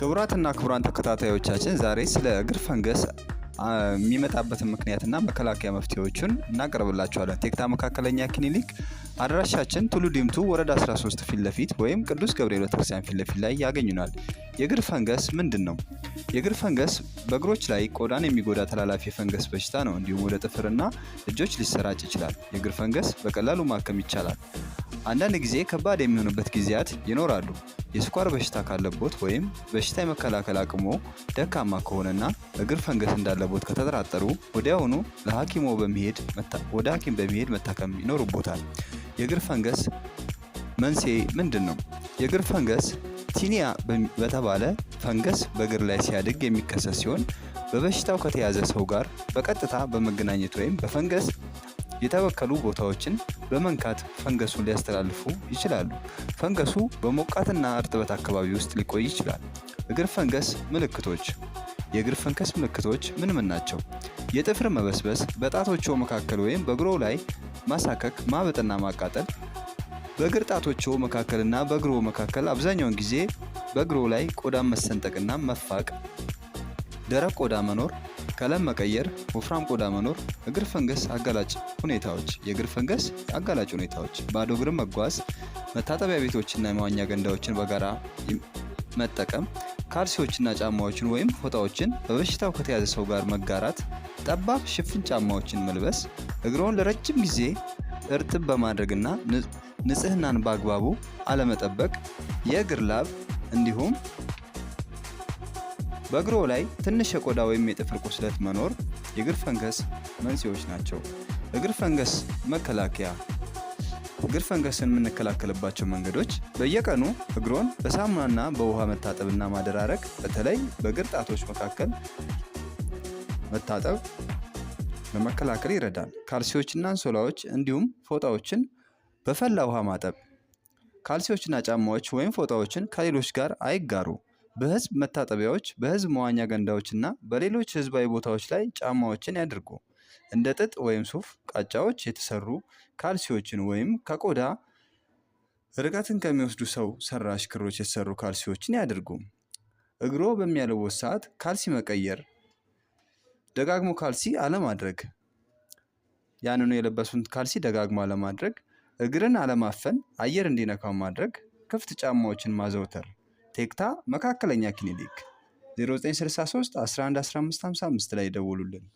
ክቡራትና ክቡራን ተከታታዮቻችን ዛሬ ስለ እግር ፈንገስ የሚመጣበትን ምክንያትና መከላከያ መፍትሄዎቹን እናቀርብላችኋለን። ቴክታ መካከለኛ ክሊኒክ አድራሻችን ቱሉ ዲምቱ ወረዳ 13 ፊት ለፊት ወይም ቅዱስ ገብርኤል ቤተክርስቲያን ፊት ለፊት ላይ ያገኙናል። የእግር ፈንገስ ምንድን ነው? የእግር ፈንገስ በእግሮች ላይ ቆዳን የሚጎዳ ተላላፊ የፈንገስ በሽታ ነው። እንዲሁም ወደ ጥፍርና እጆች ሊሰራጭ ይችላል። የእግር ፈንገስ በቀላሉ ማከም ይቻላል። አንዳንድ ጊዜ ከባድ የሚሆኑበት ጊዜያት ይኖራሉ። የስኳር በሽታ ካለቦት ወይም በሽታ የመከላከል አቅሞ ደካማ ከሆነና እግር ፈንገስ እንዳለቦት ከተጠራጠሩ ወዲያውኑ ለሐኪሞ በመሄድ ወደ ሐኪም በመሄድ መታከም ይኖርቦታል። የእግር ፈንገስ መንስኤ ምንድን ነው? የእግር ፈንገስ ቲኒያ በተባለ ፈንገስ በእግር ላይ ሲያድግ የሚከሰት ሲሆን በበሽታው ከተያዘ ሰው ጋር በቀጥታ በመገናኘት ወይም በፈንገስ የተበከሉ ቦታዎችን በመንካት ፈንገሱን ሊያስተላልፉ ይችላሉ። ፈንገሱ በሞቃትና እርጥበት አካባቢ ውስጥ ሊቆይ ይችላል። እግር ፈንገስ ምልክቶች የእግር ፈንገስ ምልክቶች ምን ምን ናቸው? የጥፍር መበስበስ፣ በጣቶቹ መካከል ወይም በእግሮ ላይ ማሳከክ፣ ማበጥና ማቃጠል። በእግር ጣቶቹ መካከልና በእግሮ መካከል አብዛኛውን ጊዜ በእግሮ ላይ ቆዳ መሰንጠቅና መፋቅ። ደረቅ ቆዳ መኖር ቀለም መቀየር፣ ወፍራም ቆዳ መኖር፣ እግር ፈንገስ አጋላጭ ሁኔታዎች፣ የእግር ፈንገስ አጋላጭ ሁኔታዎች፣ ባዶ እግር መጓዝ፣ መታጠቢያ ቤቶችና የመዋኛ ገንዳዎችን በጋራ መጠቀም፣ ካልሲዎችና ጫማዎችን ወይም ፎጣዎችን በበሽታው ከተያዘ ሰው ጋር መጋራት፣ ጠባብ ሽፍን ጫማዎችን መልበስ፣ እግሮን ለረጅም ጊዜ እርጥብ በማድረግና ንጽህናን በአግባቡ አለመጠበቅ፣ የእግር ላብ እንዲሁም በእግሮ ላይ ትንሽ የቆዳ ወይም የጥፍር ቁስለት መኖር የእግር ፈንገስ መንስኤዎች ናቸው። እግር ፈንገስ መከላከያ እግር ፈንገስን የምንከላከልባቸው መንገዶች በየቀኑ እግሮን በሳሙናና በውሃ መታጠብና ማደራረግ በተለይ በእግር ጣቶች መካከል መታጠብ ለመከላከል ይረዳል። ካልሲዎችና አንሶላዎች እንዲሁም ፎጣዎችን በፈላ ውሃ ማጠብ። ካልሲዎችና ጫማዎች ወይም ፎጣዎችን ከሌሎች ጋር አይጋሩ። በህዝብ መታጠቢያዎች፣ በህዝብ መዋኛ ገንዳዎችና በሌሎች ህዝባዊ ቦታዎች ላይ ጫማዎችን ያድርጉ። እንደ ጥጥ ወይም ሱፍ ቃጫዎች የተሰሩ ካልሲዎችን ወይም ከቆዳ ርቀትን ከሚወስዱ ሰው ሰራሽ ክሮች የተሰሩ ካልሲዎችን ያድርጉ። እግሮ በሚያለቦት ሰዓት ካልሲ መቀየር፣ ደጋግሞ ካልሲ አለማድረግ፣ ያንኑ የለበሱን ካልሲ ደጋግሞ አለማድረግ፣ እግርን አለማፈን፣ አየር እንዲነካው ማድረግ፣ ክፍት ጫማዎችን ማዘውተር ቴክታ መካከለኛ ክሊኒክ 0963 111555 ላይ ደውሉልን።